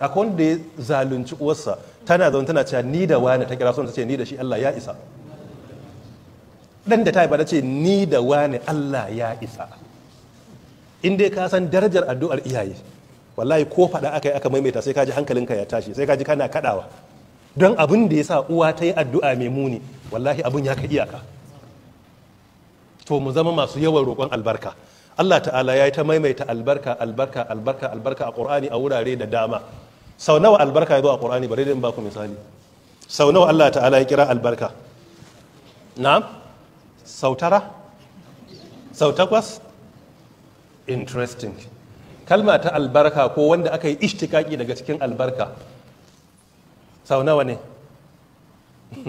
akwai wanda ya zalunci uwarsa tana zaune tana cewa ni da wane ta kira son ta ce ni da shi Allah ya isa dan da ta ba ta ce ni da wane Allah ya isa in dai ka san darajar addu'ar iyaye wallahi ko faɗa aka yi aka maimaita sai kaji hankalinka ya tashi sai kaji kana kaɗawa don abin da ya sa uwa ta yi addu'a mai muni wallahi abin ya kai iyaka to mu zama masu yawan roƙon albarka Allah ta'ala ya yi ta maimaita albarka albarka albarka albarka a ƙur'ani a wurare da dama sau nawa albarka ya zo a ƙorani bari in baku misali sau nawa Allah ta'ala ya kira albarka na sau tara sau takwas interesting kalma ta albarka ko wanda aka yi ishtikaki daga cikin albarka sau nawa ne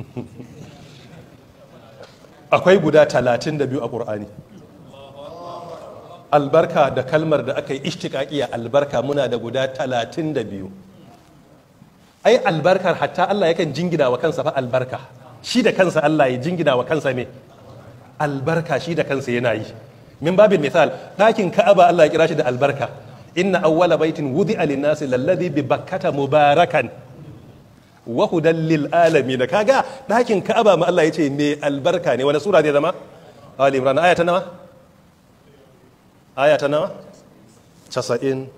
akwai guda talatin da biyu a ƙorani albarka da kalmar da aka yi ishtikaki a albarka muna da guda talatin da biyu ai albarkar hatta Allah yakan jingina wa kansa fa albarka shi da kansa Allah ya jingina wa kansa me albarka shi da kansa yana yi min babin misal ɗakin ka'aba Allah ya kira shi da albarka inna awwala baitin wudi'a lin-nasi lalladhi bi bakkata mubarakan wa hudan lil alamin kaga ɗakin ka'aba ma Allah ya ce me albarka ne wani sura ne zama Ali Imran aya ta nawa aya ta nawa 90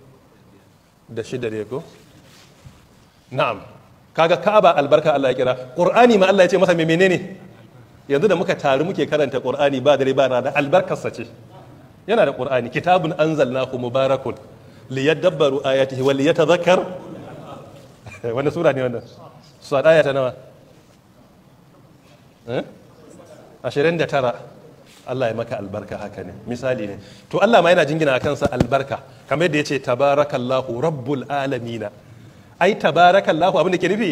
da shida ne ko na'am kaga ka'aba albarka Allah ya kira qur'ani ma Allah ya ce masa me menene yanzu da muka taru muke karanta qur'ani ba dare ba rana albarkarsa ce yana da qur'ani kitabun anzalnahu mubarakun liyadabbaru ayatihi wa liyatadhakkar wannan sura ne wannan sura aya ta nawa eh 29 Allah ya maka albarka haka ne misali ne to Allah ma yana jingina kansa albarka kamar yadda ya ce tabarakallahu rabbul alamina ai tabarakallahu abin da ke nufi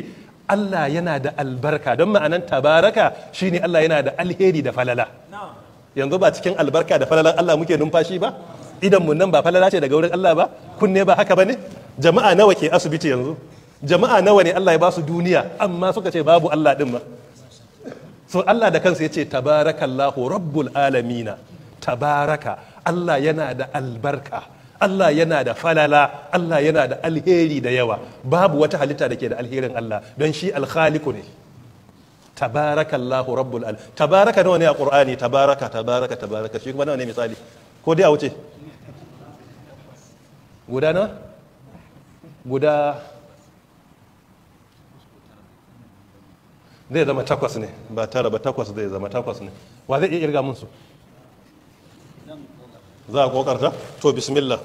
Allah yana da albarka don ma'anan tabaraka shi shine Allah yana da alheri da falala yanzu ba cikin albarka da falalan Allah muke numfashi ba idan mun nan ba falala ce daga wurin Allah ba kunne ba haka bane jama'a nawa ke asibiti yanzu jama'a nawa ne Allah ya ba su duniya amma suka ce babu Allah din ba so Allah da kansa ya ce tabarakallahu rabbul alamina tabaraka Allah yana da albarka Allah yana da falala Allah yana da alheri da yawa babu wata halitta da ke da alherin Allah don shi alkhaliku ne tabarakallahu rabbul al tabaraka nawa ne a qur'ani tabaraka tabaraka tabaraka shi kuma nawa ne misali ko dai a wuce guda nawa guda zai zama takwas ne ba tara ba takwas zai zama takwas ne wa zai iya irga mun su za a kokarta to bismillah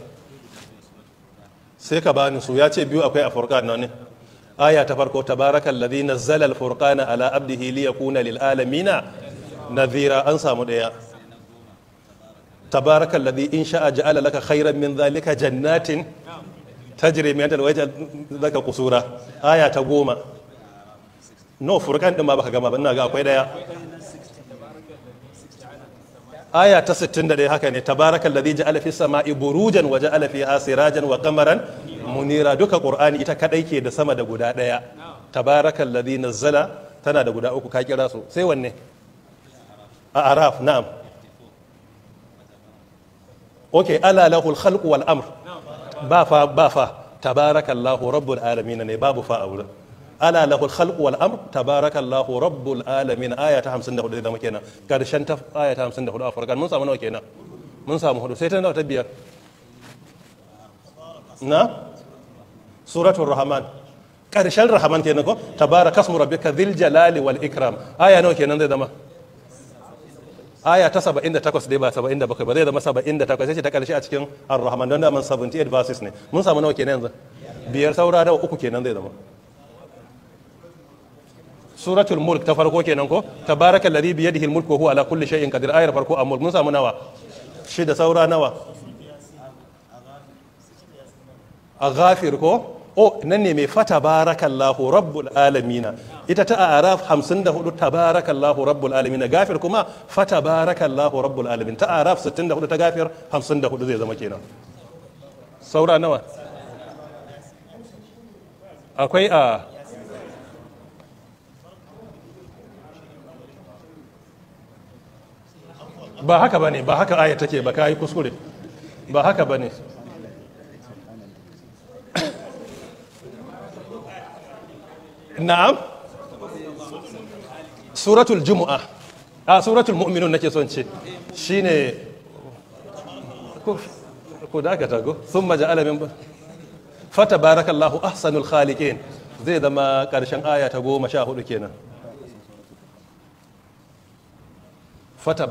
sai ka bani su ya ce biyu akwai a furkan nan ne aya ta farko tabarakan ladhi nazzala al furqana ala abdihi liyakuna yakuna lil alamina nadhira an samu daya tabarakan ladhi in sha'a ja'ala laka khayran min dhalika jannatin tajri min tahtiha al-anhar laka qusura aya ta goma no furkan din ma baka gama ba ina ga akwai daya aya ta 61 haka ne tabarakal ladhi ja'ala fis sama'i burujan wa ja'ala fiha sirajan wa qamaran munira duka qur'ani ita kadai ke da sama da guda daya tabarakal ladhi nazzala tana da guda uku ka kira su sai wanne a araf na'am okay ala lahul khalqu wal amr ba fa ba fa tabarakallahu rabbul alamin ne babu fa a wurin ala lahul khalq wal amr tabarakallahu rabbul alamin aya ta 54 da muke nan karshen ta aya ta 54 a farkan mun samu nawa kenan mun samu hudu sai ta nawa ta biyar na suratul rahman karshen rahman kenan ko tabarakasmu rabbika dhil jalali wal ikram aya nawa kenan zai zama aya ta 78 dai ba 77 ba zai zama 78 sai ce ta karshe a cikin ar-rahman don da man 78 verses ne mun samu nawa kenan yanzu biyar saura da uku kenan zai zama suratul mulk ta farko kenan ko tabarakal ladhi bi yadihi mulku wa huwa ala kulli shay'in qadir ayar farko a mun samu nawa shi da saura nawa a ghafir ko o oh, nan ne mai fata barakallahu rabbul alamina ita ta araf 54 tabarakallahu rabbul alamina gafir kuma fata barakallahu rabbul alamin ta araf 64 ta gafir 54 zai zama kenan saura nawa akwai a ah, ba haka bane ba haka aya take ba kai kuskure ba haka bane na'am suratul jumu'a a ah, suratul mu'minun nake son ce shine ko da tago sun maja'ala min fata barakallahu ahsanul khaliqin zai zama karshen aya ta goma sha hudu kenan fata